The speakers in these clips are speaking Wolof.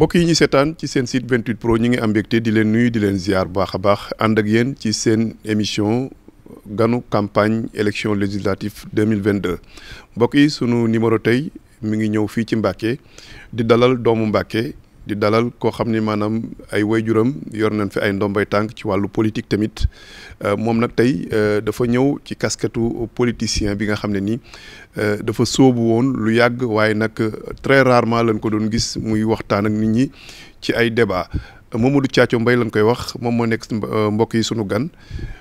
mbokk yi ñu seetaan ci seen site 28 pro ñu ngi am mbégte di leen nuyu di leen ziar bu baax a baax ànd ak yéen ci seen émission ganu campagne élection législative 2022 mbokk yi sunu numéro tey mi ngi ñëw fii ci Mbàkke di dalal doomu Mbàkke di dalal koo xam ni maanaam ay way wayjuram yor nañ fi ay ndombay tànk ci wàllu politique tamit euh, moom nag tey euh, dafa ñëw ci kasketu politicien bi nga xam ne nii euh, dafa sóobu woon lu yàgg waaye nag très rarement lañ ko doon gis muy waxtaan ak nit ñi ci ay débat Mamadou Thiathio Mbaye lañ koy wax moom moo nekk mbokk yi sunu gan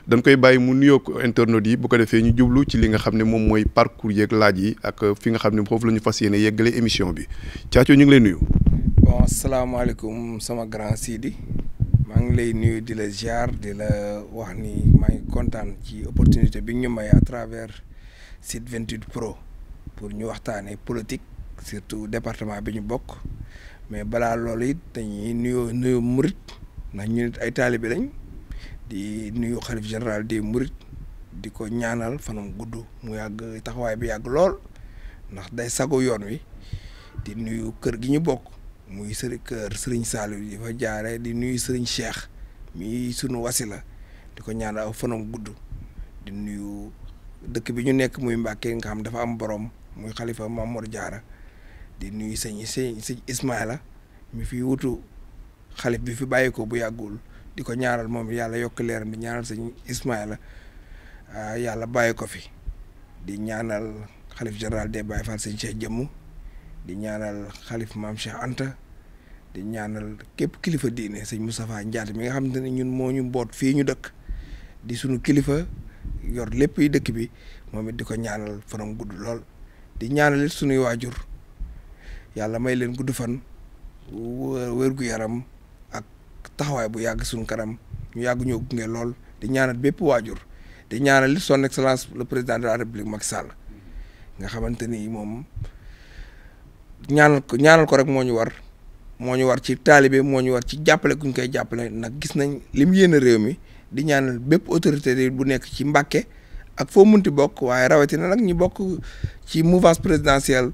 dan koy bàyyi mu nuyoog internautes yi bu ko defee ñu jublu ci li nga xam ne moom mooy parcours yeeg laaj yi ak fi nga xam ne foofu la ñu fas yéene yeggale émission bi Thiathio ñu ngi lay nuyu. bon asalaamaaleykum sama grand Sidi maa ngi lay nuyu di la ziar di la wax ni maa ngi kontaan ci opportunité bi ñu may à travers site 28 pro pour ñu waxtaanee politique surtout département bi ñu bokk mais balaa lool it dañuy nuyoo nuyu murit ndax ñu nit ay taalibe lañ di nuyu xalif général di murit di ko ñaanal fanam gudd mu yàgg taxawaay bi yàgg lool ndax day sago yoon wi di nuyu kër gi ñu bokk. muy sëriñ kër sëriñ Saliou di fa jaare di nuyu sëriñ Cheikh mi sunu wasi la di ko ñaan aw fanam gudd di nuyu dëkk bi ñu nekk muy Mbàkke nga xam dafa am borom muy xalifa Mamour jaara di nuyu sëñ sëñ sëñ Ismaïla mi fi wutu xalif bi fi bàyyi ko bu yàggul di ko ñaaral moom yàlla yokk leer di ñaanal sëñ Ismaïla ah, yàlla bàyyi ko fi di ñaanal xalif général des Baye Fall sëñ Cheikh Jëmm di ñaanal xalif maam Cheikh Anta di ñaanal képp kilifa diine sëñ Moustapha Ndiaye mi nga xam ne ñun moo ñu boot fii ñu dëkk di suñu kilifa yor lépp yi dëkk bi moom it di ko ñaanal fanam gudd lool di ñaanal it waajur yàlla may leen gudd fan wér yaram ak taxawaay bu yàgg sunu kanam ñu yàgg ñoo gunge lool di ñaanal bépp waajur di ñaanal it son excellence le président de la république Macky Sall nga xamante moom. ñaanal ko ñaanal ko rek moo ñu war moo ñu war ci taalibe moo ñu war ci jàppale kuñ koy jàppale nag gis nañ li mu yéene réew mi di ñaanal bépp autorité bu nekk ci Mbàkke ak foo mun ti bokk waaye rawatina nag ñu bokk ci mouvance présidentielle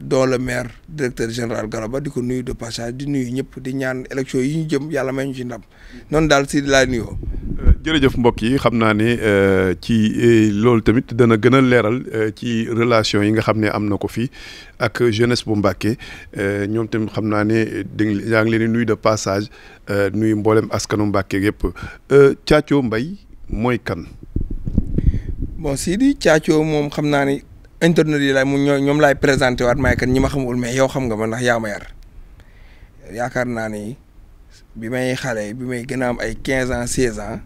dont le maire directeur général Galaba di ko nuyu de passage di nuyu ñëpp di ñaan élection yi ñu jëm yàlla may ñu ci ndam noonu daal si laa nuyoo. jërëjëf mbokk yi xam naa ne euh, ci euh, loolu tamit dana gën a leeral euh, ci relation yi nga xam ne am na ko fi ak jeunesse bu Mbàkke ñoom tamit xam naa ne dañ yaa ngi leen de passage nuy mboolem askanu Mbàkke yëpp Caacoo Mbay mooy kan. bon Sidi Caacoo moom xam naa ne internet yi laay mu ñoom laay présenté waat maay kan ñi ma xamul mais yow xam nga ma ndax yaa ma yar yaakaar naa ni bi may xale bi may gën a am ay quinze ans seize ans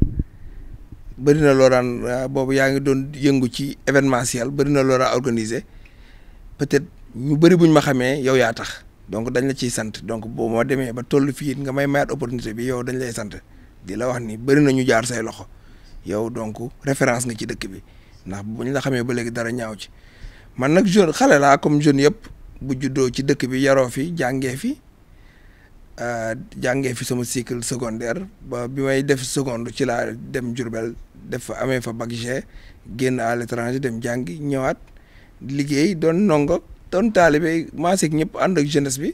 bëri na loo daan ah, boobu yaa ngi doon yëngu ci événementiel bëri na loo daan organisé peut-être ñu bëri buñ ma xamee yow yaa tax donc dañ la ciy sant donc boo ma demee ba toll fii nga may mayaat opportunité bi yow dañ lay sant di la wax nii bëri na ñu jaar say loxo yow donc référence nga ci dëkk bi ndax bu ñu la xamee ba léegi dara ñaaw ci man nag jeune xale laa comme jeune yëpp bu juddoo ci dëkk bi yaroo fi jàngee fi. Euh, jàngee fi sama cycle secondaire ba bi may def seconde ci laa dem Diourbel def fa amee fa bac G génn à l'étranger dem jàngi ñëwaat liggéey doon nongo doon taalibe maaseeg ñëpp ànd ak jeunesse bi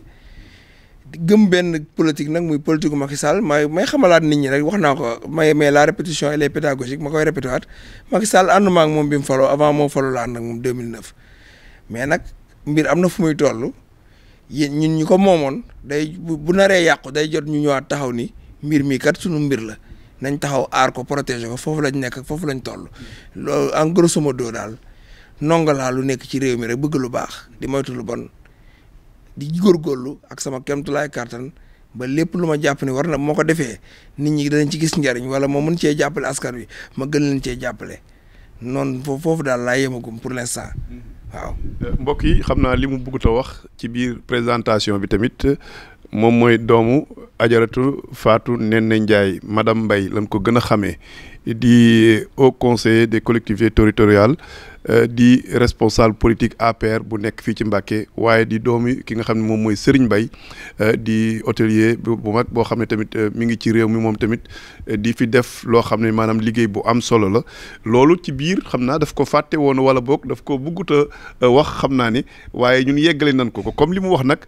gëm benn politique nag muy politique Macky Sall may may xamalaat nit ñi rek wax naa ko may mais la répétition elle est pédagogique ma koy répété waat Macky Sall ànduma ak moom bi mu faloo avant moo faloo la moom ak moom 2009 mais nag mbir am na fu muy toll. yéen ñun ñu ko moomoon day bu naree yàqu day jot ñu ñëwaat taxaw ni mbir mii kat sunu mbir la nañ taxaw aar ko protéger ko foofu lañ nekk foofu lañ toll. loolu en grosso modo daal ndongo laa lu nekk ci réew mi rek bëgg lu baax di moytu lu bon di góorgóorlu ak sama kéemtulaay kàttan ba lépp lu ma jàpp ne war na moo ko defee nit ñi danañ ci gis njariñ wala moo mën cee jàppale askan wi ma gën leen cee jàppale noonu foofu daal laa yemagum pour le l'instant. Mm-hmm. waaw. Euh, mbokk yi xam naa li mu bëggut a wax ci biir présentation bi tamit euh, moom mooy doomu ajaratu Fatou Néné Ndiaye madame mbay lañ ko gën a xamee di haut conseiller des collectivités territoriales. Euh, di responsable politique APR bu nekk fii ci Mbàkke waaye di doomi ki nga xam ne moom mooy Serigne Mbaye euh, di hôtelier bu mag boo xam ne tamit euh, mi ngi ci réew mi moom tamit di fi def loo xam ne maanaam liggéey bu am solo la loolu ci biir xam naa daf ko fàtte woon wala boog daf ko buggut wax xam naa ni waaye ñun yeggale nan ko ko comme li mu wax nag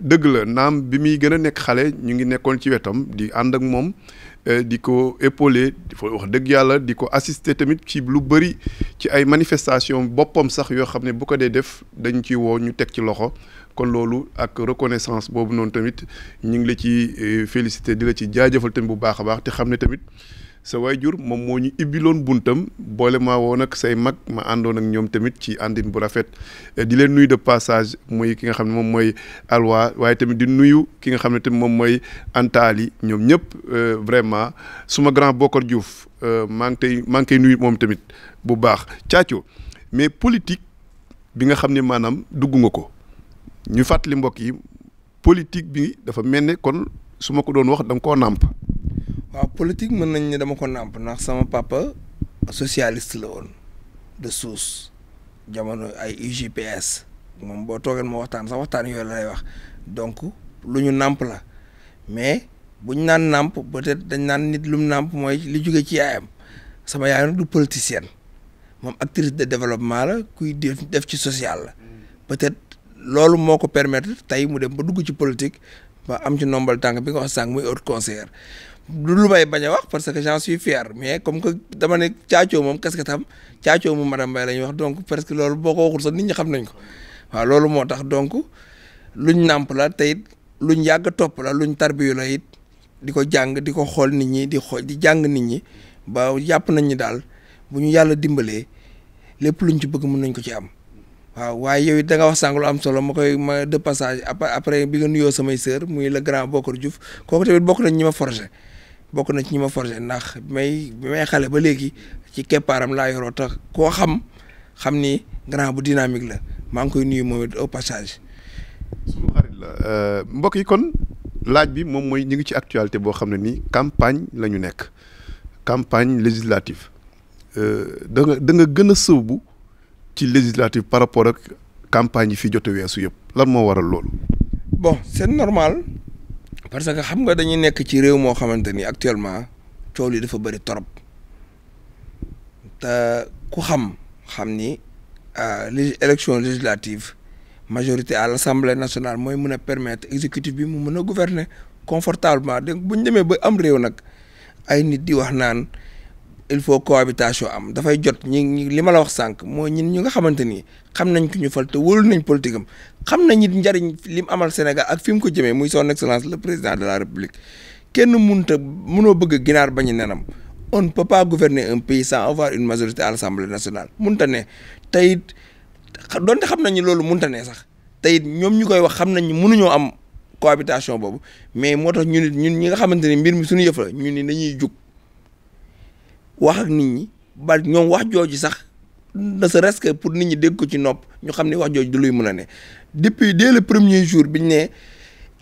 dëgg la naam bi muy gën a nekk xale ñu ngi nekkoon ci wetam di ànd ak moom Euh, di ko épaulé dafa wax dëgg yàlla di ko assister tamit ci lu bëri ci ay manifestation boppam sax yoo xam ne bu ko dee def dañu ci woo ñu teg ci loxo kon loolu ak reconnaissance boobu noonu tamit ñu ngi la ci euh, félicité di la ci jaajëfal tamit bu baax a baax te xam ne tamit sa jur moom moo ñu ibbiloon buntam boole maa woon say mag ma àndoon ak ñoom tamit ci àndin bu rafet eh, di leen nuyu de passage muy ki nga xam ne moom mooy alwa waaye tamit di nuyu ki nga xam ne tamit moom mooy antaali ñoom ñëpp eh, vraiment suma grand Bokar jouf eh, maa ngi tey maa ngi nuyu moom tamit bu baax caaco mais politique bi nga xam ne maanaam dugg nga ko ñu fàttali mbokk yi politique bi dafa mel ne kon su ma ko doon wax danga koo nàmp waaw politique mën nañ ne dama ko nàmp ndax sama papa socialiste la woon de suus jamono ay UGPS moom boo toogeen moo waxtaan sax waxtaan yooyu la lay wax donc lu ñu nàmp la mais buñ naan nàmp peut-être dañ naan nit lum nàmp mooy li jóge ci yaayam sama yaay nag du politicienne moom actrice de développement la kuy def ci social la peut-être loolu moo ko permettre tey mu dem ba dugg ci politique ba am ci nombal tànk bi nga wax sànq muy haute conseillère lu may bañ a wax parce que j'en suis fier mais comme que dama ne caacoo moom kese tam caacoo moom madame Mbaye la ñuy wax que loolu boo ko waxul sax nit ñi xam ko waaw loolu moo tax donc luñ nàmp la te it luñ yàgg topp la luñ tarbiyu la it di ko jàng di ko xool nit ñi di xool di jàng nit ñi ba jàpp nañ ñi daal bu ñu yàlla dimbalee lépp luñ ci bëgg mën nañ ko ci am. waaw waaye yow it da wax sànq lu am solo ma koy ma de passage après bi nga nuyoo samay sœur muy le grand Bokar Diouf kooku tamit bokk nañ ñi ma forger. bokk na ci ñi ma forger ndax bi may xale ba léegi ci keppaaram laa yoroo koo xam xam ni grand bu dynamique la maa ngi koy nuyu moom au passage. suñu euh, mbokk yi kon laaj bi moom mooy ñu ngi ci actualité boo xam ne nii campagne la ñu nekk campagne législative euh, da nga da nga gën a sëwbu ci législative par rapport ak campagne yi fi jot weesu yëpp lan moo waral loolu. bon c'est normal. parce que xam nga dañuy nekk ci réew moo xamante ni actuellement coow li dafa bëri torop te ku xam xam ni a euh, li élection législative majorité à l'Assemblée nationale mooy mën a permettre exécutif bi mu mën a gouverner confortablement donc bu ñu demee ba am réew nag ay nit di wax naan. il faut cohabitation am dafay jot ñi li ma la wax sànq moo ñun ñu nga xamante ni xam nañ ku ñu fal te wóolu nañ politique am xam nañ it njariñ li mu amal Sénégal ak fi mu ko jëmee muy son excellence le président de la république kenn mënut a mënoo bëgg ginaar bañu nenam on ne peut pas gouverner un pays sans une majorité à l'Assemblée nationale mënut a ne tey it donte xam nañ ni loolu mun ta ne sax tey ñoom ñu koy wax xam nañ ni mënuñoo am cohabitation boobu mais moo tax ñun it ñun ñi nga xamante ni mbir mi suñu yëf la ñun ni dañuy jug. wax ak nit ñi ba ñoom wax jooju sax ne serait-ce que pour nit ñi dégg ko ci nopp ñu xam ne wax jooju du luy mën a ne depuis dès le premier jour bi ñu ne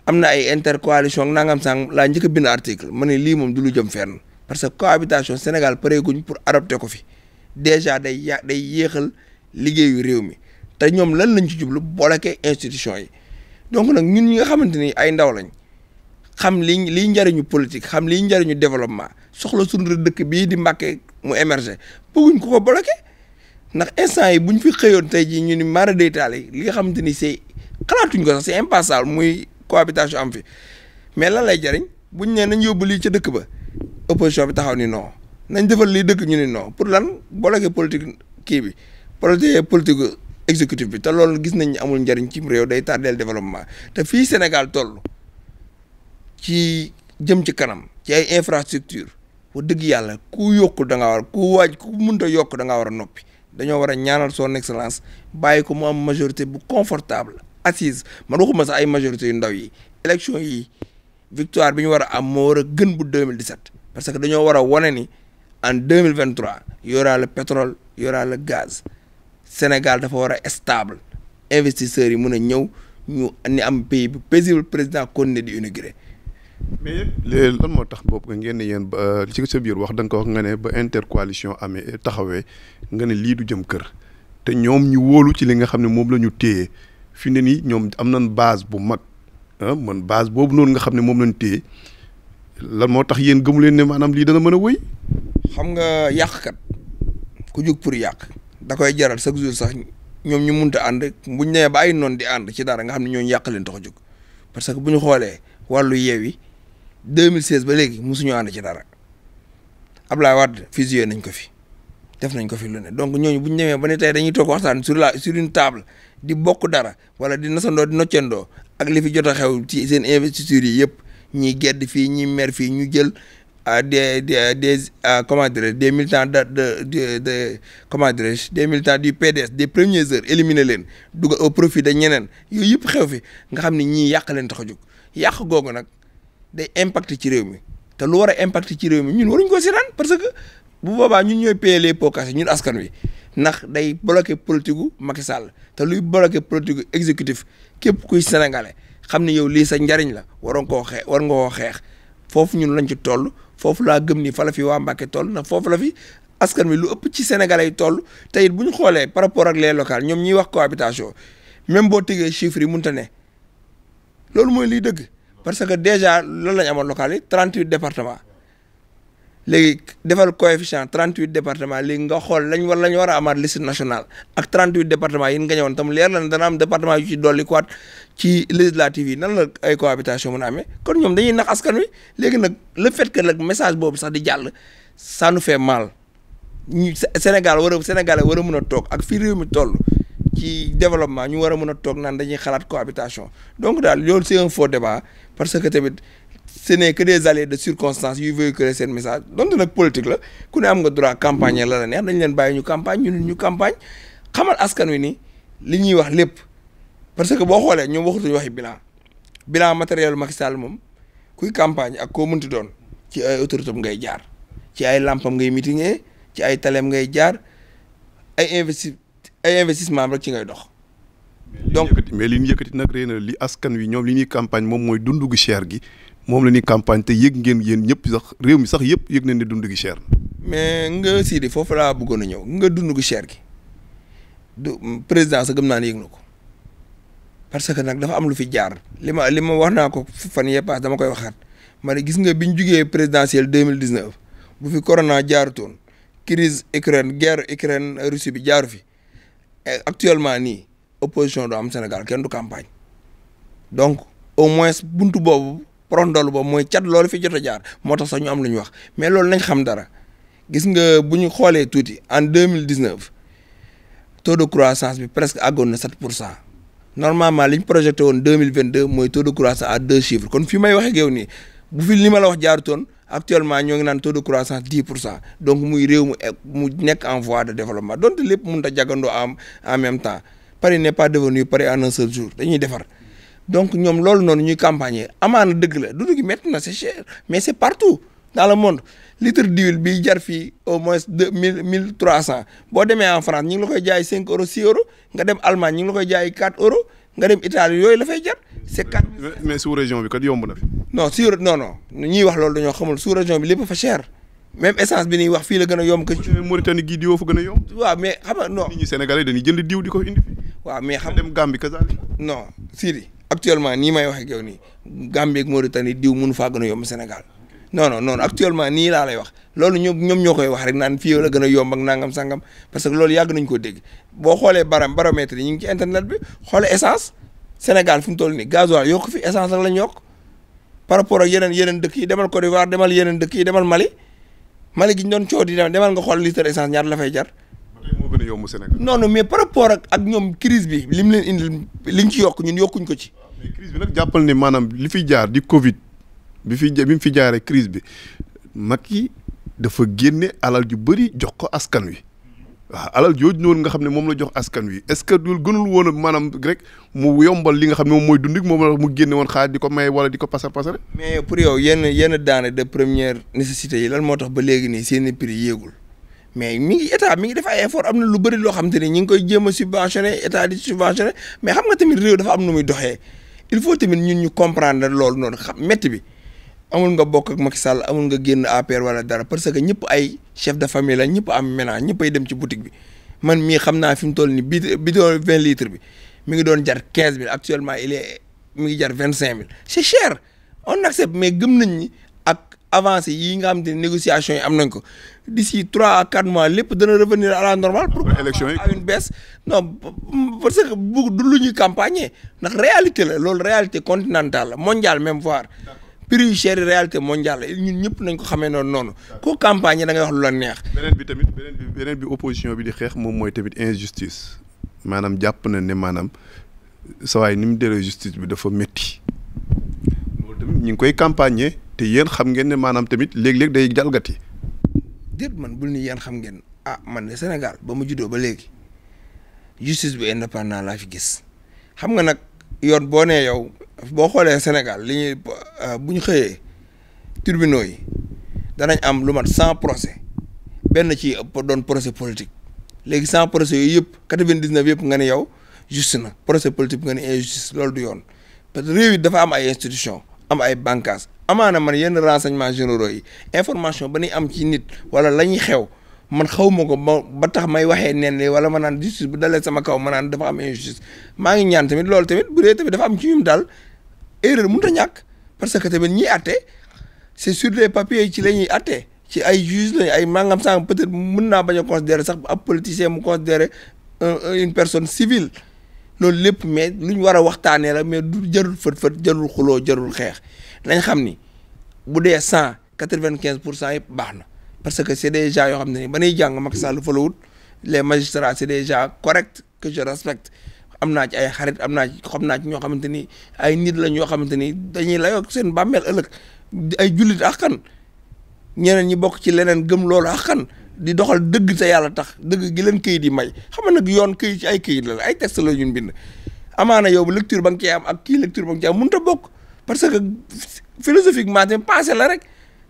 am na ay intercoalition nangam sàng laa njëkk a bind article ma ne lii moom du lu jëm fenn parce que cohabitation Sénégal pareeguñ pour adopter ko fi déjà day ya day yéexal liggéeyu réew mi te ñoom lan lañ ci jublu boolekee institution yi donc nag ñun ñi nga xamante ni ay ndaw lañ xam lii liy njariñu politique xam lii njariñu développement soxla suñu dëkk bii di Mbàkke mu émerger bëgguñ ko ko bloqué ndax instant yi bu ñu fi xëyoon tey jii ñu ni mara deytaal yi li nga xamante ni c'est xalaatuñ ko sax c'est impassable muy cohabitation am fi mais lan lay jariñ buñ nee nañ yóbbu lii ca dëkk ba opposition bi taxaw ni noo nañ defal lii dëkk ñu ni non pour lan bloqué politique kii bi projet politique exécutif bi te loolu gis nañ amul njariñ ci réew day tardeel développement te fii Sénégal toll ci jëm ci kanam ci ay infrastructure wax dëgg yàlla ku yokkul da ngaa war ku waaj ku mënta yokk da ngaa war a noppi dañoo war a ñaanal son excellence bàyyi ko mu am majorité bu confortable assise man ma sax ay majorité yu ndaw yi élection yi victoire bi ñu war a am moo war a gën bu 2017 parce que dañoo war a wane ni en 2023 y aura le pétrole y gaz Sénégal dafa war a stable investisseurs yi mun a ñëw ñu ni am pays bu paisible président kon ne di inauguré mais lan moo tax boobu ngeen ne yéen ba euh, ci sa biir wax danga ko wax nga ne ba intercoalition amee euh, taxawee nga ne lii du jëm kër te ñoom ñu wóolu ci li nga xam ne moom la ñu téye fi ne nii ñoom am nañ base bu mag ah, man base boobu noonu nga xam ne moom lañ téye lan moo tax yéen gëmu leen ne maanaam lii dana mën a wëy. xam nga yàqkat ku jug pour yàq da koy jaral chaque jour sax ñoom ñu munta ànd buñ nee ba ay noon di ànd ci dara nga xam ne ñooñu yàq leen tax a jug parce que bu ñu xoolee wàllu yeewi 2016 ba léegi mosuñu ànd ci dara Ablaye Wade fusillé nañ ko fi def nañ ko fi lu ne donc ñooñu bu ñu demee ba ne tey dañuy toog waxtaan sur la sur une table di bokk dara wala di nasandoo di noccandoo ak li fi jot a xew ci seen investiture yi yëpp ñiy gedd fii ñiy mer fii ñu jël ah, des des des ah, comment dirais des militants de de de comment dirais des militants du PDS des premières heures éliminer leen dugal au profit de ñeneen yooyu yëpp xew fi nga xam ni ñii yàq leen tax a jóg yàq googu nag. day impacté ci réew mi te lu war a impacté ci réew mi ñun waruñ ko seetaan parce que bu boobaa ñun ñooy payer les pots cassés ñun askan wi ndax day bloqué politique gu Macky Sall te luy bloqué politique gu exécutif képp kuy sénégalais xam ne yow lii sa njariñ la waroon koo war nga xeex foofu ñun lañ ci toll foofu laa gëm ni fa la fi waa Mbàkke toll nag foofu la fi askan wi lu ëpp ci sénégalais yi toll te it bu ñu xoolee par rapport ak les locales ñoom ñiy wax cohabitation même boo tëgee chiffres yi mënta ne loolu mooy liy dëgg. parce que déjà loolu la ñu local yi trente huit département léegi defal coefficient trente huit département léegi nga xool lañ war la ñu war a amaat liste nationale ak trente huit département yi nga ñëwoon tam leer la ne dana am département yu ci dolli kuwaat ci législative yi nan la ay cohabitation mën a amee kon ñoom dañuy nax askan wi léegi nag la fait que nag message boobu sax di jàll ça nous mal ñu Sénégal war a Sénégalais war a toog ak fii réew mi toll ci développement ñu war a mun a toog naan dañuy xalaat cohabitation donc daal loolu c'est un faux débat parce que tamit ce n'est que des allées de circonstances yu véhiculer seen message donte nag politique la ku ne am nga droit campagne la la neex dañ leen bàyyi ñu campagne ñu ñu campagne xamal askan wi ni li ñuy wax lépp parce que boo xoolee ñoom ñu waxi bilan bilan matériel Macky Sall moom kuy campagne ak koo mënti doon ci ay autorité am ngay jaar ci ay lampam ngay meetingee ci ay taleem ngay jaar ay investi ay investissement am rek ci ngay dox. donc mais li ñu yëkkati nag rëy na li askan wi ñoom li ñuy campagne moom mooy dund gu cher gi moom la ñuy campagne te yëg ngeen yéen ñëpp sax réew mi sax yëpp yëg nañ ne dund gi cher. mais nga foofu laa bëggoon a ñëw nga dund gu cher gi du président sa gëm naa ne yëg na ko parce que nag dafa am lu fi jaar. li ma li ma wax naa ko fan yee paas dama koy waxaat ma ne gis nga bi ñu jugee présidentielle deux mille dix-neuf bu fi corona jaarutoon crise Ukraine guerre Ukraine Russie bi jaaru fi. actuellement nii opposition du am Sénégal kenn du campagne donc au moins buntu boobu prondol boobu mooy cat loolu fi jot a jaar moo tax sax ñu am lu ñu wax mais loolu nañ xam dara gis nga bu ñu xoolee tuuti en deux mille dix neuf taux de croissance bi presque àggoon na sept pour cent normalement li ñu projeté woon deux mille vingt deux mooy taux de croissance à deux chiffres kon fi may waxee ak nii bu fi li ma la wax jaarutoon actuellement ñoo ngi naan taux de croissance dix pour cent donc muy réew mu mu nekk en voie de développement donte lépp mënut a jagandoo am en même temps Paris n'est pas devenu Paris en un seul jour dañuy defar donc ñoom loolu noonu ñuy campagne amaana dëgg la dundu gi métti na c'est cher mais c'est partout dans le monde litre d'huile bi jar fi au moins deux mille mille trois cent boo demee en France ñu ngi la koy jaay cinq euros six euros nga dem Allemagne ñu ngi la koy jaay quatre euros nga dem Italie yooyu la fay jar c'est quatre mais sous bi kat yomb non sur non non ñuy wax loolu dañoo xamul sous région bi lépp fa cher même essence bi wax fii la gën a yomb que a yomb waaw mais xam nga non nit ñi di ko indi xam dem Gambie kasaali actuellement nii may wax ak yow nii Gambie ak Mauritanie diw mënu faa gën a yomb Sénégal non non non nii laa la wax loolu ñoom ñoom ñoo koy wax rek naan fii la gën a yomb ak nangam sangam parce que loolu yàgg nañ ko dégg boo xoolee baram baromètre yi ñu ngi ci internet bi xoole essence Sénégal fi mu toll nii gasoil yokk fi essence rek lañ yokk par rapport ak yeneen yeneen dëkk yi demal Côte d'Ivoire demal yeneen dëkk yi demal Mali Mali gi ñu doon coow di demal nga xool litre essence ñaar la fay jar. moo gën a yomb Sénégal. non non mais par rapport ak ak ñoom crise bi lim leen indil liñ ci yokk ñun yokkuñ ko ci. Ah, mais bi nag jàppal ne maanaam li fi jaar di Covid bi fi bi mu fi jaaree crise bi mag Macky dafa génne alal ju bëri jox ko askan wi. waaw alal jooju noonu nga xam ne moom la jox askan wi est-ce que du gënul woon a rek mu yombal li nga xam ne moom mooy dundik moom la mu génne woon xaalis di ko maye wala di ko pasar pasare mais pour yow yenn yenn denrées de première nécessité yi lan moo tax ba léegi nii seen i prix yéegul mais mi ngi état mi ngi def ay effort am na lu bëri loo xam te ni ñi ngi koy jéem a subventionné état di subventionné mais xam nga tamit réew dafa am nu muy doxee il faut tamit ñun ñu comprendre loolu noonu xam métti bi amul nga bokk ak Macky amul nga génn APR wala dara parce que ñëpp ay chef de famille la ñëpp am ménage ñëpp ay dem ci boutique bi man mii xam na fi mu toll nii bi bi doon vingt litres bi mi ngi doon jar quinze mille actuellement il est mi ngi jar vingt cinq mille c'est cher on accepte mais gëm nañ ni ak avancé yi nga xam te négociations yi am nañ ko si trois à quatre mois lépp dana revenir à la normale. pour élection yi une baisse don parce que bu du lu ñuy campagner ndax réalité la loolu réalité continentale la mondiale même voire. prix yu cher réalité mondiale ñun ñëpp nañ ko xamee noonu noonu ko campagne da ngay wax lu la neex beneen bi tamit beneen bi bi opposition bi di xeex moom mooy tamit injustice maanaam jàpp na ne maanaam sawaay ni mu delloo justice bi dafa metti loolu tamit ñu ngi koy campagner te yéen xam ngeen ne maanaam tamit léeg-léeg day jalgati déet man bul nii yéen xam ngeen ah man de Sénégal ba mu juddoo ba léegi justice bu indépendant laa fi gis xam nga nag yoon boo nee yow boo xoolee Sénégal li ñuy euh, bu ñu xëyee tribunaux yi danañ am lu mat cent procès benn ci doon procès politique léegi cent procès yooyu yëpp quatre-vingt-dix-neuf yëpp nga ne yow juste na procès politique nga ne injustice loolu du yoon parce que réew yi dafa am ay institution am ay bànqaas amaana man yenn renseignements généraux yi information ba ñuy am ci nit wala la xew. man xaw ma ko ba ba tax may waxee neen li wala ma naan justice bu dalee sama kaw ma naan dafa am injustice maa ngi ñaan tamit loolu tamit bu dee tamit dafa am ci ñum daal erreur mënut a ñàkk parce que tamit ñi atte c'est sur les papiers ci la ñuy atte ci ay juge lañu ay mangam sànq peut-être mën naa bañ a considérer sax a politicien mu considérer une personne civile loolu lépp mais lu ñu war a waxtaanee la mais du jarul fët-fët jarul xuloo jarul xeex nañ xam ni bu dee cent quatre-vingt-quinze pour cent yëpp baax na parce que c' est des gens yoo xam ne ba ñuy jàng Macky Sall falawut les magistrats c' est des gens corrects que je am naa ci ay xarit am naa ci naaj naa ci ñoo xamante ni ay nit la ñoo xamante ni dañuy layoo seen bàmmeel ëllëg ay jullit axkan ñeneen ñi bokk ci leneen gëm loolu axkan di doxal dëgg te yàlla tax dëgg gi leen këyit yi may xam nga nag yoon këyit ci ay këyit la ay texte la ñun bind amaana yow lecture ba nga cee am ak kii lecture ba nga cee am mënut bokk parce que philosophiquement tamit passé la rek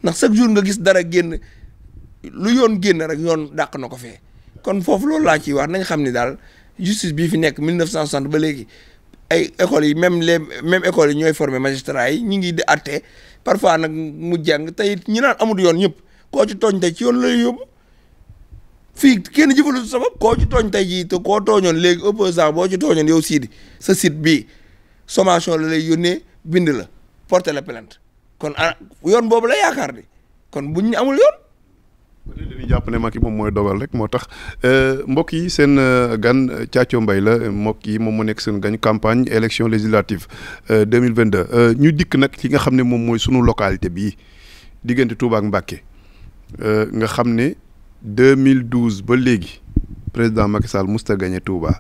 ndax chaque jour nga gis dara génn lu yoon génn rek yoon dàq na ko fee kon foofu loolu laa ciy wax nañ xam ni daal justice bii fi nekk 1960 ba léegi ay écoles yi même les même écoles yi ñooy former magistrats yi ñu ngi di àtte parfois nag mu jàng tey ñi naan amut yoon ñëpp koo ci tooñ tey ci yoon lay yóbbu fii kenn jëfalu sabab koo ci tooñ tey jii te tooñoon léegi opposant boo ci tooñoon yow siidi sa site bii sommation la lay yónnee bind la porter la plainte kon ah yoon boobu la yaakaar di kon buñ ñu amul yoon dañuy jàpp ne moom mooy dogal rek moo tax euh, mbokk yi seen euh, gan euh, Thiathio mbay la mbokk yi moom mu nekk seen gan campagne élection législative 2022 ñu dikk nag ci nga xam ne moom mooy sunu localité bii diggante Touba ak Mbacké nga xam ne 2012 ba léegi président Macky Sall musta gagné Touba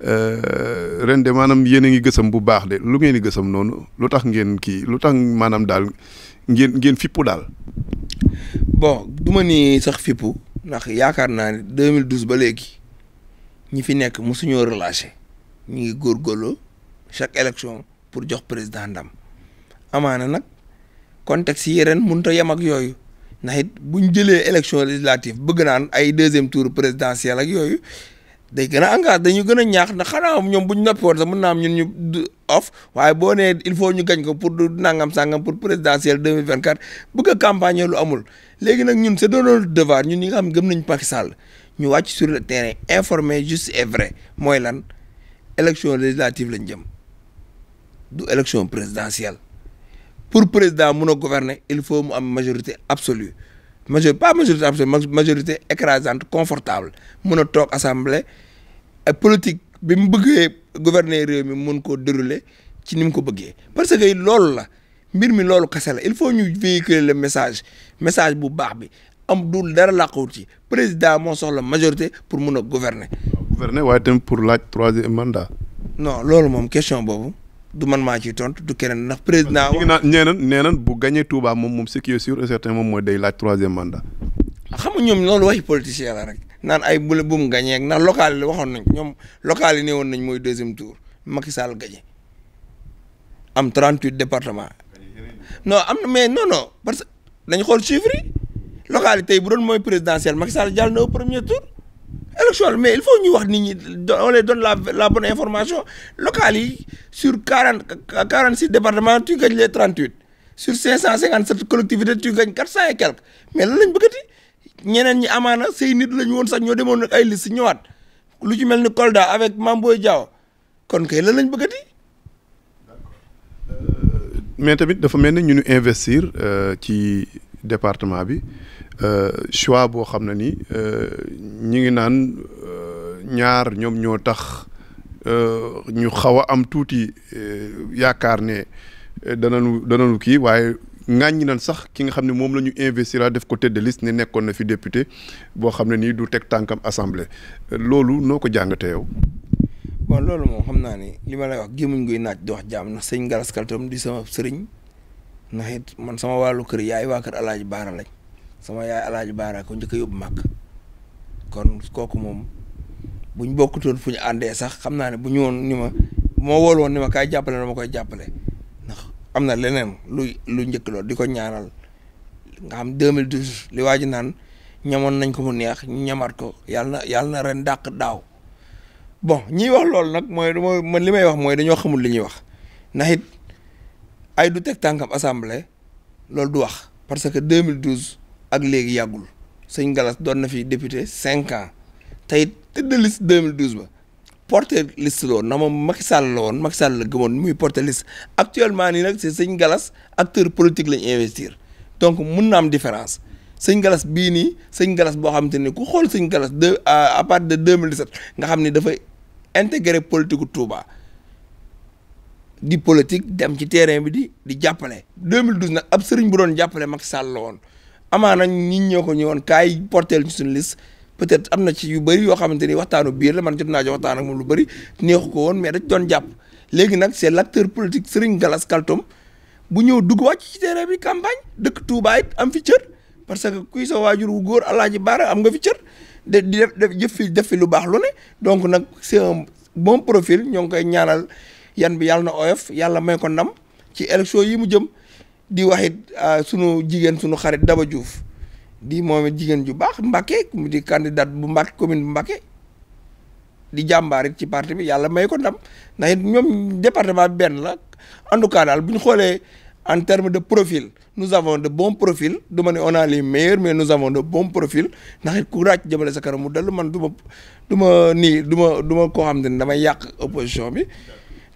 ren de maanaam yéen a ngi gësam bu baax de lu ngeen di gësam noonu lu tax ngeen kii lu tax maanaam daal ngeen ngeen fippu daal. bon du ma ni sax fippu ndax yaakaar naa ni deux ne 2012 ba léegi ñi fi nekk mu mosuñoo relâché ñu ngi góor góorgóorloo chaque élection pour jox président ndam amaana nag contexte yi ren mënut a yem ak yooyu ndax it buñ jëlee élection législative bëgg naan ay deuxième tour présidentiel ak yooyu day gën a engagé dañu gën a ñaax na xanaa ñoom bu ñu noppi woon sax am ñun ñu off waaye boo nee il faut ñu gañ ko pour du nangam sangam pour présidentielle 2024 bu a campagne lu amul léegi nag ñun c'est notre devoir ñun ñi nga xam gëm nañu Macky Sall ñu wàcc sur le terrain informé juste et mooy lan élection législative lañ jëm du élection présidentielle pour président mun a gouverner il faut mu am majorité absolue major pas majorité absolue majorité écrasante confortable mun a toog assemblée ak politique bi mu bëggee gouverner réew mi mun koo dérouler ci ni mu ko bëggee parce que loolu la mbir mi loolu kese la il faut ñu véhiculer le message message bu baax bi am dul dara làqawut ci président moo soxla majorité pour mun a gouverner. gouverner waaye tamit pour laaj troisième mandat. non loolu moom question boobu. du man maa ciy tontu du keneen ndax président. wax naan nee nañ bu gagné Touba moom moom ce qui et certain moom mooy day laaj troisième mandat. xam nga ñoom loolu waxi politicien la rek naan ay bu la bu mu gagné ak waxoon nañ ñoom local yi woon nañ mooy deuxième tour Macky Sall gagné am 38 départements. non am na mais non parce que dañu xool chiffre yi localité yi bu doon mooy présidentielle Macky Sall jàll na au premier tour. élection mais il faut ñuy wax nit ñi on les donne la la bonne information locales yi sur quarante quarante six départements tu gagnes les trente huit sur cinq cent cinquante sept collectivités tu gagnes quatre cent et quelques mais lan lañ bëggati ñeneen ñi amaana say nit la ñu woon sax ñoo demoon ay liste ñëwaat lu ci mel ni Kolda avec Mamboy jaaw kon kay la lañ bëggati. Euh, mais tamit dafa mel ni ñu investir euh, ci. département bi euh, choix boo xam ne ni euh, ñi ngi naan euh, ñaar ñoom ñoo tax ñu xaw a am tuuti yaakaar ne danañu danañu kii waaye ñi naan sax ki nga xam ne moom la ñu investir def ko tête ni nekkoon na fi député boo xam ne nii du teg tànkam assemblée loolu noo ko jàngatee yow. bon loolu moom xam naa ne li ma lay wax gémmuñ guy naaj di wax jaam na sëñ Galas Kaltoom di sama sëriñ. ndax man sama wàllu kër yaay waa kër alaaji baara lañ sama yaay alaaji baara ko njëkk a yóbbu màkk kon kooku moom bu ñu bokkutoon fu ñu àndee sax xam naa ne bu ñëwoon ni ma moo wool woon ni ma kaay jàppale dama koy jàppale ndax am na leneen luy lu njëkk di ko ñaanal nga xam 2012 li waa ji naan ñamoon nañ ko mu neex ñamaat ko yàlla na yàlla na ren dàq daaw bon ñiy wax loolu nag mooy man li may wax mooy dañoo xamul li ñuy wax naxit ay du teg tànkam assemblée loolu du wax parce que 2012 ak léegi yàggul sëñ Galas doon na fi député cinq ans tey tëdd liste 2012 ba porté liste la woon na moom Macky Sall la woon Macky la gëmoon muy porté liste actuellement nii nag c'est sëñ Galas acteur politique lañ investir donc mun na am différence sëñ Galas bii nii sëñ Galas boo xamante ni ku xool sëñ Galas de à partir de 2017 nga xam ni dafay intégré politique Touba di politique dem ci terrain bi di di jàppale. 2012 nag ab sëriñ bu doon jàppale Macky Sall la woon amaana ñi ñoo ko ñëwoon kaay porteel ci suñu liste peut-être am na ci yu bëri yoo xamante ni waxtaanu biir la man jot naa jox waxtaan lu bëri neexu ko woon mais dañ doon jàpp léegi nag c'est l'acteur politique Serigne Gallas Kaltom bu ñëw dugg wàcc ci terrain bi campagne dëkk Touba am fi cër parce que kuy sa waajur wu góor ji Baara am nga fi cër de di def jëf fi def lu baax lu ne donc nag c'est un bon profil ñoo ngi koy ñaanal. yan bi yàlla na oyof yàlla may ko ndam ci élection yi mu jëm di waxit ah, sunu jigéen sunu xarit Daba Diouf di moom it jigéen ju baax Mbacké mu di candidate bu Mbacké commune bu di jàmbaar it ci parti bi yàlla may ko ndam ndax it ñoom département benn la en tout cas daal bu ñu xoolee en terme de profil nous avons de bons profile du ma ne on a les mais nous avons de bons profils ndax it ku ràcc jëmale sa kanam mu dellu man du ma ma nii du ma du ma koo xam ne damay yàq opposition bi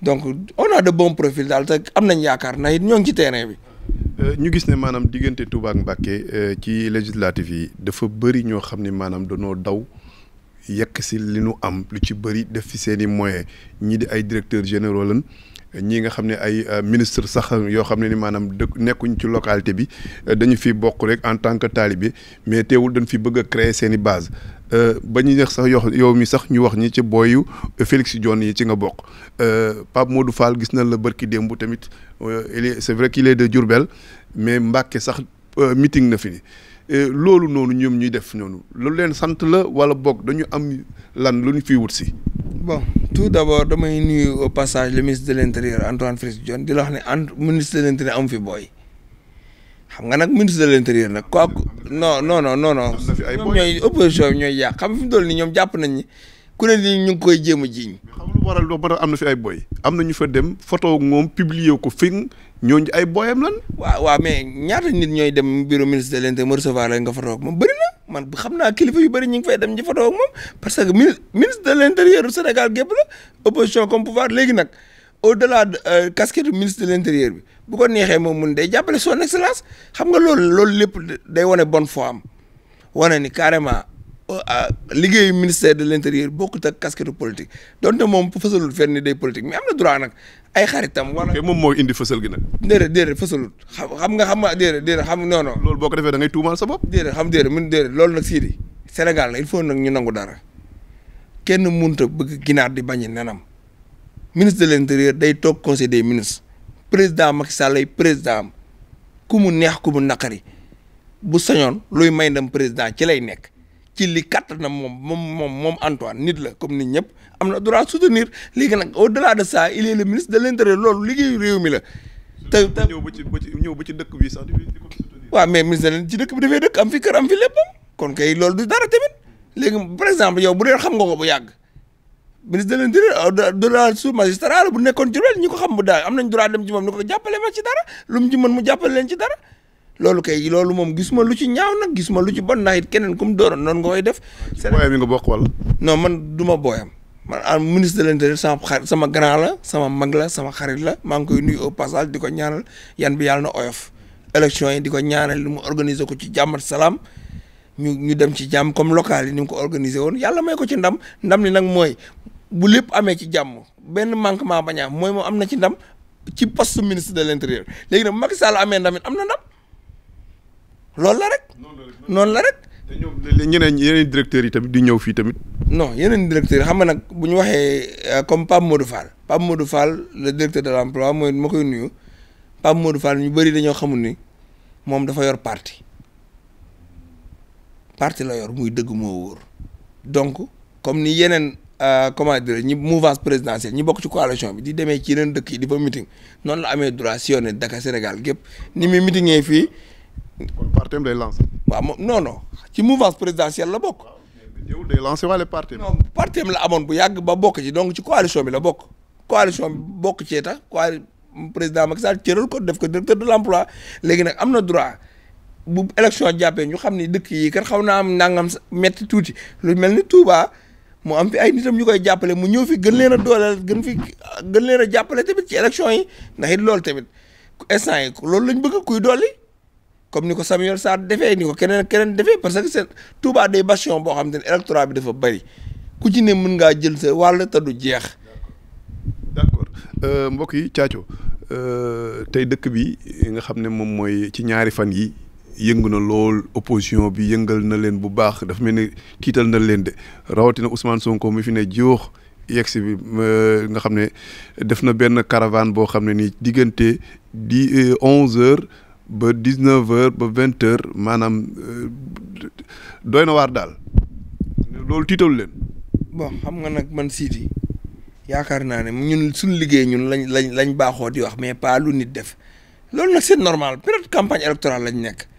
donc on a de bon profils daal te am nañ yaakaar na it ñoo ngi ci terrain bi. Euh, ñu gis ne maanaam diggante Touba ak Mbacké euh, ci législative yi dafa bëri ñoo xam ni maanaam danoo daw yekk si li nu am lu ci bëri def fi seen i moyens ñii di ay directeurs généraux lan ñii nga xam ne ay euh, ministre sax yoo xam ne ni maanaam dëkk nekkuñu ci localité bi dañu fi bokk rek en tant que talibé mais teewul dañ fi bëgg a créer seen i base Euh, ba ñu neex sax yoo yow mi sax ñu wax ñi ci booyu Félix Dione yi ci nga bokk euh, Pape Modou Fall gis nañ la bërki démb tamit euh, il est c'est vrai qu'il est de Diourbel mais Mbàkke sax meeting na fi ni loolu noonu ñoom ñuy def noonu lu leen sant la wala boog dañu am lan lu ñu fiy wut si. bon tout d'abord damay nuyu au passage le ministre de l'intérieur Antoine Félix Diome di la wax ne an ministre de l'intérieur am fi booy. xam nga nag ministre de l'intérieur nag quoi non non non non non ñoom ñooy opposition bi ñooy yàq xam fi mu toll nii ñoom jàpp nañ ni ku ne ni ñu ngi koy jéem a jiiñ xam lu waral ba am na fi ay boy am na ñu fa dem photo moom publier ko fi ñooñu ay boyam lan waaw waaw mais ñaata nit ñooy dem bureau ministre de l'intérieur recevoir la nga photo ak moom bëri na man xam naa kilifa yu bëri ñu ngi fay dem ñu photo ak moom parce que ministre de l'intérieur Sénégal gépp la opposition comme pouvoir léegi nag au delà de euh, casquette ministre de l' intérieur bi bu ko neexee moom mun day jàppale son excellence xam nga loolu loolu lépp day wane bon foi am wane ni carrément euh, euh, liggéeyu ministère de l' intérieur bokkut ak casquette politique donte moom fësalul fenn ni day politique mais am na droit nag ay xaritam. wala moom moo indi fësal gi nag. déedéet déedéet fësalul xam nga xam nga déedéet déedéet xam non non. loolu boo ko defee da ngay sa bopp. déedéet xam déedéet mun déedéet loolu nag sii Sénégal la il faut nag ñu nangu kenn mënut bëgg ginaar di bañ nenam ministre de l'intérieur day toog conseil des ministres président Macky Sall lay président am ku mu neex ku mu naqari bu sañoon luy may ndam président ci lay nekk ci li kàttanam moom moom moom moom Antoine nit la comme nit ñëpp am na droit soutenir léegi nag au delà de ça il est le ministre de l'intérieur loolu liggéeyu réew mi la. te te ci dëkk bi sax di ko soutenir. ministre ci dëkk bi dafay dëkk am fi kër am fi léppam kon kay loolu du dara tamit léegi par exemple yow bu dee xam nga ko bu yàgg. ministre de l'intérieur euh, de la sous magistrat bu nekkoon Diourbel ñi ko xam bu daa am nañ droit dem ci moom ni ko jàppale ma ci dara lu mu ci mën mu jàppale leen ci dara loolu kay loolu moom gisuma lu ci ñaaw nag gisuma lu ci bon ndax it keneen ku mu dooroon def. booyam yi nga bokk wala. non man du ma booyam man am ah, ministre de l'intérieur sama xar sama grand la sama mag la sama xarit la maa ngi koy nuyu au passage di ko ñaanal yan bi yàlla na oyof. élection yi di ko ñaanal li mu organiser ko ci jàmm ak salaam ñu ñu dem ci jàmm comme locale yi ni mu ko organiser woon yàlla may ko ci ndam ndam li nag mooy bu lépp amee ci jàmm benn manquement bañ a am mooy moom am na ci ndam ci poste ministre de l' intérieur léegi nag Macky Sall amee ndamit am na ndam loolu la rek. noonu la rek te ñoom ñeneen yeneen directeurs yi tamit di ñëw fii tamit. non yeneen directeurs xam nga nag bu ñu waxee euh, comme Pape Modou Fall Pape Modou l' emploi mooy ma koy nuyu Pape Modou ñu bëri dañoo xamul ni moom dafa yor parti parti la yor muy dëgg moo wóor donc comme ni yeneen. Euh, comment dire ñi mouvance présidentielle ñi bokk ci coalition bi di demee ci yeneen dëkk yi di fa meeting noonu la amee droit sillonner Dakar Sénégal gépp ni muy meetingee fii. kon partem day lancer. waaw non non ci mouvance présidentielle la bokk. yow day lancer wala partem. non partem la amoon bu yàgg ba bokk ci donc ci coalition bi la bokk. coalition bi bokk ci tax coali président Macky Sall cëral ko def ko directeur de l'emploi léegi nag am na droit. bu élection jàppee ñu xam ni dëkk yi kat xaw naa am nangam métti tuuti lu mel ni Touba. mu am fi ay nitam ñu koy jàppale mu ñëw fi gën leen a dooleel gën fi gën leen a jàppale tamit ci élection yi ndax it loolu tamit instant yi loolu lañ bëgg kuy dolli comme ni ko Samuel Sarr defee ni ko keneen keneen defee parce que seen Touba day bastion boo xam ne électorat bi dafa bari ku ci ne mën ngaa jël sa wàll ta du jeex. d'accord euh, mbokk yi Thiathio euh, tey dëkk bi nga xam ne moom mooy ci ñaari fan yi yëngu na lool opposition bi yëngal na leen bu baax dafa mel ni tiital na leen de rawatina Ousmane Sonko mi fi ne jiwux yegsi bi nga xam ne def na benn caravane boo xam ne nii diggante di euh, onze heures ba dix neuf heures ba vingt maanaam euh, doy na waar daal loolu tiitalu leen. bon xam nga nag man siiti yaakaar naa ne ñun suñu liggéey ñun lañ lañ lañ baaxoo di wax mais pas lu nit def loolu nag c'est normal période campagne électorale lañ nekk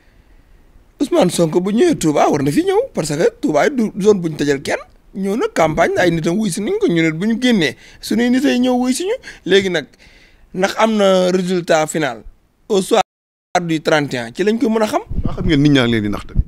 Ousmane Sonko bu ñëwee Touba war na fi ñëw parce que Touba du zone bu ñu tëjal kenn ñëw nag campagne ay nitam wuy si niñ ñu ne bu ñu génnee suñuy nitay ñëw wuy si ñu léegi nag ndax am na résultat final au soit soir du 31 ci lañ ko mën a xam. waaw xam ngeen nit ñaa ngi di nax tamit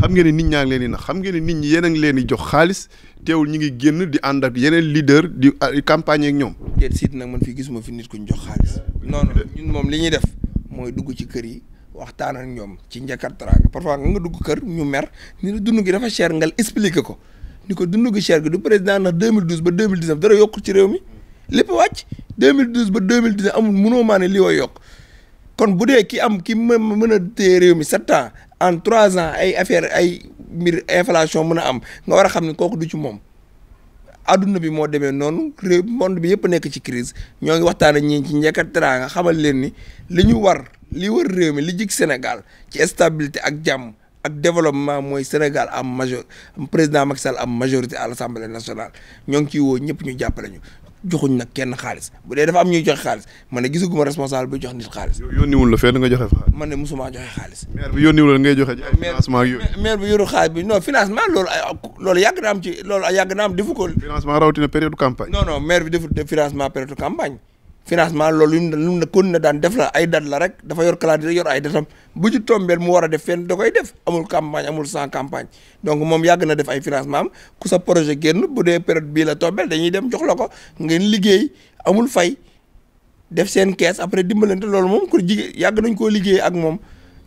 xam ngeen ni nit ñaa ngi leen di nax xam ngeen ni nit ñi yéen a ngi leen di jox xaalis teewul ñu ngi génn di ànd ak yeneen leader di ah, campagne ak ñoom. déet siit nag man gis gisuma fi nit ku ñu jox xaalis. non non ñun moom li ñuy def mooy dugg ci kër yi. waxtaan ak ñoom ci njëkk teraanga nga dugg kër ñu mer ni la dund gi dafa cher ngal ko ni ko dund gi cher gi du président na 2012 ba 2019 dara yokkul ci réew mi lépp wàcc 2012 ba 2019 amul mënoo maa ne lii yokk kon bu dee ki am ki mën a téye réew mi sept en trois ans ay affaire ay mbir inflation mën a am nga war a xam ne kooku du ci moom adduna bi moo demee noonu bi yëpp nekk ci crise ñoo ngi waxtaan ak ñi ci njëkk teraanga xamal leen ni li ñu war li wër réew mi li jig Sénégal ci stabilité ak jàmm ak développement mooy Sénégal am major président Macky am majorité à l'Assemblée nationale ñoo ngi ciy woo ñëpp ñu jàppale ñu joxuñ nag kenn xaalis bu dee dafa am ñuy joxe xaalis man ne gisaguma responsable bu jox nit xaalis. yónniwul la fenn nga joxe fa. man ne musuma joxe xaalis. maire bi yónniwul la ngay joxe ci xaalis bi financement loolu ay loolu yàgg na am ci loolu yàgg na am defu ko. financement rawatina période campagne. non non maire financement loolu lu mu ne kon na daan def la ay dat la rek dafa yor calendrier yor ay datam bu ci tombeel mu war a def fenn da koy def amul campagne amul sans campagne donc moom yàgg na def ay financement am ku sa projet génn bu dee période bii la tombeel dañuy dem jox la ko ngeen liggéey amul fay def seen kees après dimbalante loolu moom ku jigéen yàgg nañ koo liggéey ak moom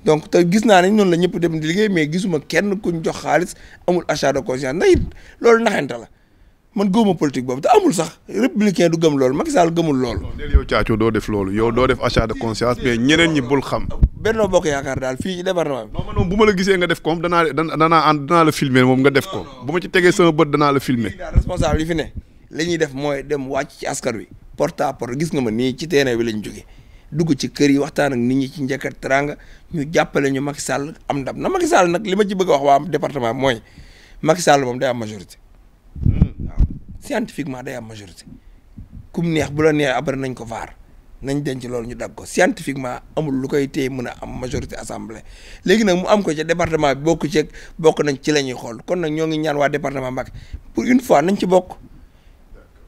donc te gis naa ne noonu la ñëpp dem di liggéey mais gisuma kenn ku jox xaalis amul achat de conscience na it loolu la man gëwuma politique boobu te amul sax républicain du gëm loolu Macky Sall def loolu yow doo def achat de conscience mais Yaakaar daal fii ci département ma la gisee nga def koom danaa danaa ànd danaa la filmer moom nga def ko bu ma ci tegee sama bët danaa fi ne li def mooy dem wàcc ci askan wi. porte à gis nga ma nii ci terrain bi lañ jógee dugg ci kër yi waxtaan ak nit ñi ci njëkk ak teranga ñu ñu Macky Sall am ndam na Macky Sall nag li ma ci bëgg wax waa département mooy Macky Sall moom day am majorité hmm. scientifiquement day am majorité kum neex bu la neex après nañ ko vaar nañ denc loolu ñu dag ko scientifiquement amul lu koy téye mun a am majorité assemblée léegi nag mu am ko ci département bi bokk ci bokk nañ ci la ñuy xool kon nag ñoo ngi ñaan waa département Mbacké pour une fois nañ ci bokk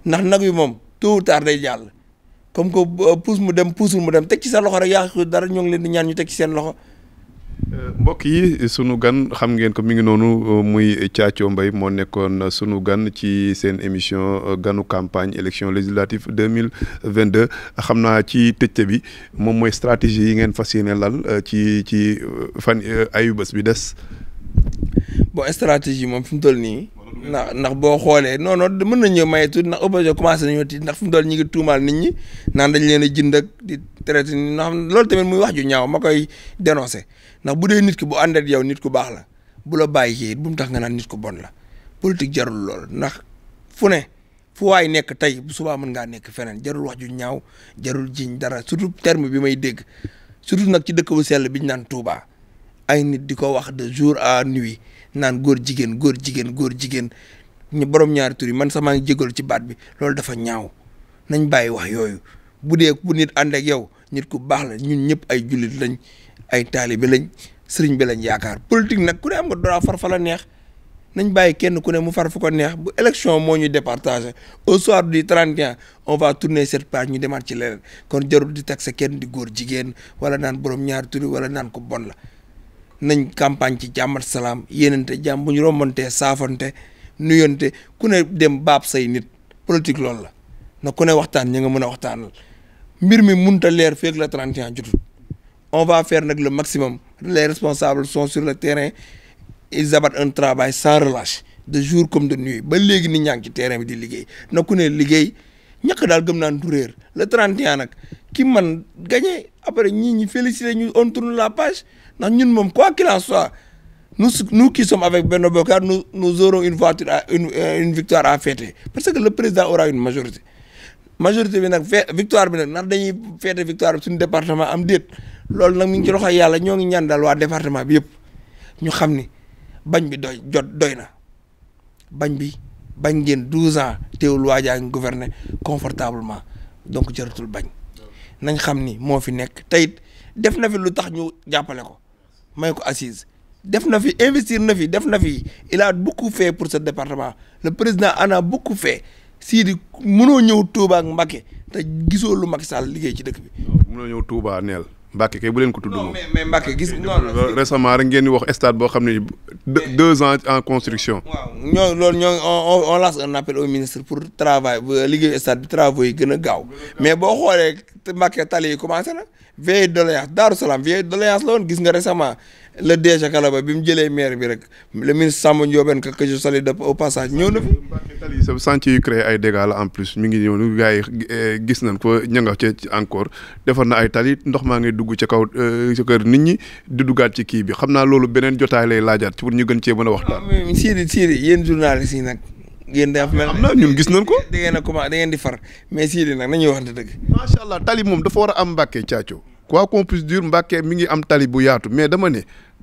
ndax nag yu moom tôt ou tard day jàll comme que euh, pousse mu dem pousse mu dem teg ci sa loxo rek yaa dara ñoo ngi leen di ñaan ñu teg ci seen loxo mbokk yi sunu gan xam ngeen ko mi ngi noonu muy Thiathio mbay moo nekkoon sunu gan ci seen émission euh, ganu campagne élection législative deux mille vingt deux xam naa ci tëjte bi moom mooy stratégie yi ngeen fas yéene lal euh, ci ci fan euh, ayu bés bi des. bon stratégie moom fi mu toll nii. ndax ndax boo xoolee non non mën nañu maye tuuti ndax opposition commencé nañoo tiit na fi mu dool ñi ngi tuumaal nit ñi naan dañ leen a jënd ak di traité na nga xam loolu tamit muy wax ju ñaaw ma koy dénoncé ndax bu dee nit ki bu ànd yow nit ku baax la bu la bàyyi bu mu tax nga naan nit ku bon la politique jarul lool ndax fu ne fu waay nekk tey bu subaa mën ngaa nekk feneen jarul wax ju ñaaw jarul jiñ dara surtout terme bi may dégg surtout nag ci dëkk bu sell bi ñu naan Touba ay nit di ko wax de jour à niwi naan góor jigéen góor jigéen góor jigéen ñu borom ñaari tur yi man sax maa ngi jégalu ci baat bi loolu dafa ñaaw nañ bàyyi wax yooyu bu dee bu nit ànd ak yow nit ku baax la ñun ñëpp ay jullit lañ ay taalibe lañ sëriñ bi lañ yaakaar politique nag ku ne am nga droit far fa la neex nañ bàyyi kenn ku ne mu far fu neex bu élection moo ñuy départagé au soir du 31 on va tourner cette page ñu demaat ci leneen kon jarul di tax sa kenn di góor jigéen wala naan borom ñaari tur wala naan ko bon la. nañ campagne ci jàmm salaam yéenante jàmm bu ñu rombantee saafante nuyonte ku ne dem baab say nit politique loolu la na ku ne waxtaan ñi nga mën a waxtaanal mbir mi munta leer feeg la 31 jotut on va faire nag le maximum les responsables sont sur le terrain ils abattent un travail sans relâche de jour comme de nuit ba léegi nit ñaa ngi ci terrain bi di liggéey na ku ne liggéey ñàkk daal gëm naan du réer le 31 nag ki man gagné après ñii ñi félicité ñu on tourne la page ndax ñun moom quoi qu'il en soit nous nous qui sommes avec benn Bokar nous nous aurons une voiture à une victoire à fêter parce que le président aura une majorité majorité bi nag victoire bi nag ndax dañuy fêter victoire bi suñu département am déet loolu nag mi ngi ci loxo yàlla ñoo ngi ñaan daal waa département bi yëpp ñu xam ni bañ bi doy jot doy na bañ bi bañ ngeen 12 ans teewul waajaa ngi gouverner confortablement donc jaratul bañ nañ xam ni moo fi nekk tey def na fi lu tax ñu jàppale ko. may ko assise def na fi investir na fi def na fi il a beaucoup fait pour ce département le président en a beaucoup fait sii di mënoo ñëw Touba ak Mbacké te gisoo lu Macky Sall liggéey ci dëkk bi. mënoo ñëw Touba neel. Mbacké kay bu leen ko tudd moom non gis. non récemment rek ngeen di wax stade boo xam ne deux ans en construction. ñoo loolu ñoo on on lance un appel au ministre pour travail euh, liggéeyu stade bi travaux yi gën a gaaw mais boo xoolee Mbacké tali yi commencé na. vieille doléance Daaru Salaam vieille doléance la woon gis nga récemment le DG Kalaba bi mu jëlee maire bi rek le ministre Samba Ndiobène que je salue de au passage ñëw na fi. sa chantier yu ay dégâts en plus mi ngi ñëw nu gars yi eh, gis nañ ko ñanga ci encore defar na ay tali ndox maa ngi dugg ci kaw eh, kër nit ñi di duggaat ci kii bi xam naa loolu beneen jotaay lay laajaat pour ñu gën cee mën a waxtaan. Ah, Sidi Sidi yéen journaliste yi nag. yéen day am am ñun gis nañ ko. da ngeen a commencé di far mais sii di nag nañuy waxante dëgg. macha allah tali moom dafa war a am Mbàkke caaco quoi qu'on puisse dire Mbàkke ngi am tali bu yaatu mais dama ne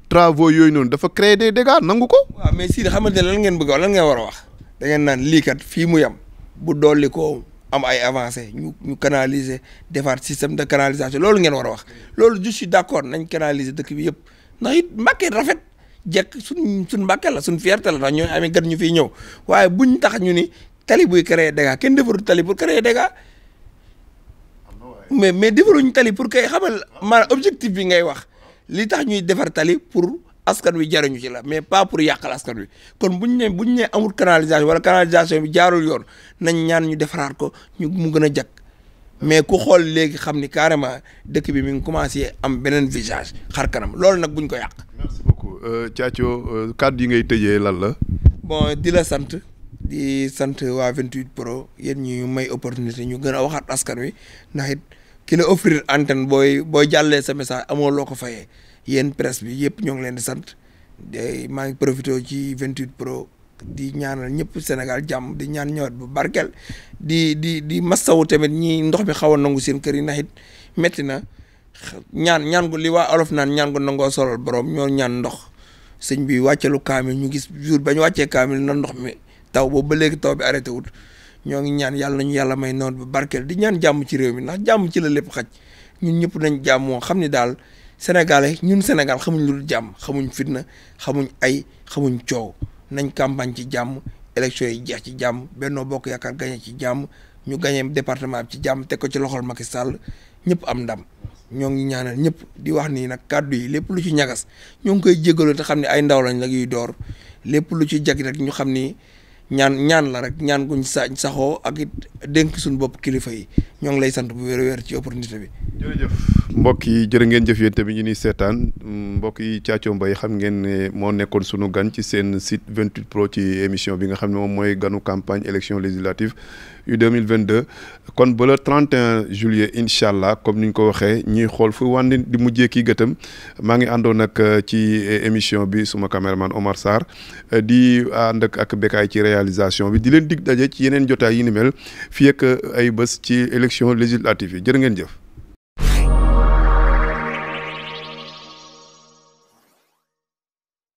travaux yooyu noonu dafa créer des dégâts nangu ko. waaw mais sii di xamante ne lan ngeen bëgg lan ngeen war a wax. da ngeen naan lii kat fii mu yam bu dolli ko am ay avancé ñu ñu canaliser defaat système de canalisation loolu ngeen war a wax loolu je suis d'accord nañ canaliser dëkk bi yëpp ndax it Mbàkke rafet. jekk suñ suñ mbàkke la suñ fierté la tax ñoo amee gan ñu fiy ñëw waaye bu ñu tax ñu ni tali buy créer dégâts kenn defaru tali pour créer dégâts mais mais defaruñ tali pour kay xamal maanaam objectif bi ngay wax li tax ñuy defar tali pour askan wi jariñu ci la mais pa pour yàqal askan wi kon buñ ne buñ ne amul canalisation wala canalisation bi jaarul yoon nañ ñaan ñu defaraat ko ñu mu gën a jag mais ku xool léegi xam ni carrément dëkk bi mi ngi commencé am beneen visage xar kanam loolu nag buñ ko yàq. merci beaucoup euh, Thiathio euh, kàddu yi ngay tëjee lan la. bon di la sant di sant waa 28 pro yéen ñu may opportunité ñu gën a waxaat askan wi ndax it ki la offrir antenne booy booy jàllee sa message amoo loo ko fayee yéen presse bi yëpp ñoo ngi leen di sant de maa ngi profité ci vingt 28 pro. di ñaanal ñëpp Sénégal jàmm di ñaan ñëwet bu barkeel di di di masawu tamit ñi ndox mi xaw a nangu seen kër yi naxit metti na ñaan ñaan gu li waa olof naan ñaan gu nangoo solal boroom ñoo ñaan ndox sëñ bi wàcceelu kaamil ñu gis jour ba ñu wàccee kaamil na ndox mi taw boobu ba léegi taw bi arrêté wut ñoo ngi ñaan yàlla nañu yàlla may nawet bu barkeel di ñaan jàmm ci réew mi ndax jàmm ci la lépp xaj ñun ñëpp nañ jàmmoo xam ni daal sénégalais ñun Sénégal xamuñ lu dul jàmm xamuñ fitna xamuñ ay xamuñ coow nañ campagne ci jàmm élection yi jeex ci jàmm benn Bokk Yaakaar gañe ci jàmm ñu gañe département bi ci jàmm teg ko ci loxol Macky Sall ñëpp am ndam ñoo ngi ñaanal ñëpp di wax nii nag kàddu yi lépp lu ci ñagas ñoo ngi koy jégalu te xam ne ay ndaw lañ la yuy door lépp lu ci jag rek ñu xam nii ñaan ñaan la rek ñaan guñ saañ saxoo ak it dénk suñu bopp kilifa yi ñoo ngi lay sant bu wér wér ci opportunité bi. jërëjëf mbokk yi jërë ngeen jëf yéen tamit ñu ni seetaan mbokk yi Thiathio Mbaye xam ngeen moo nekkoon sunu gan ci seen site 28 pro ci émission bi nga xam ne moom mooy ganu campagne élection législative. U 2022 kon ba le 31 juillet incha allah comme ni ñu ko waxee ñuy xool fu wàndi di mujjee kii gëtam maa ngi àndoon nag euh, ci euh, émission bi suma caméraman Omar Sarr euh, di ànd ak Bécaye ci réalisation bi di leen dig daje ci yeneen jotaay yi ni mel fii ay bés ci élection législative yi jër ngeen jëf.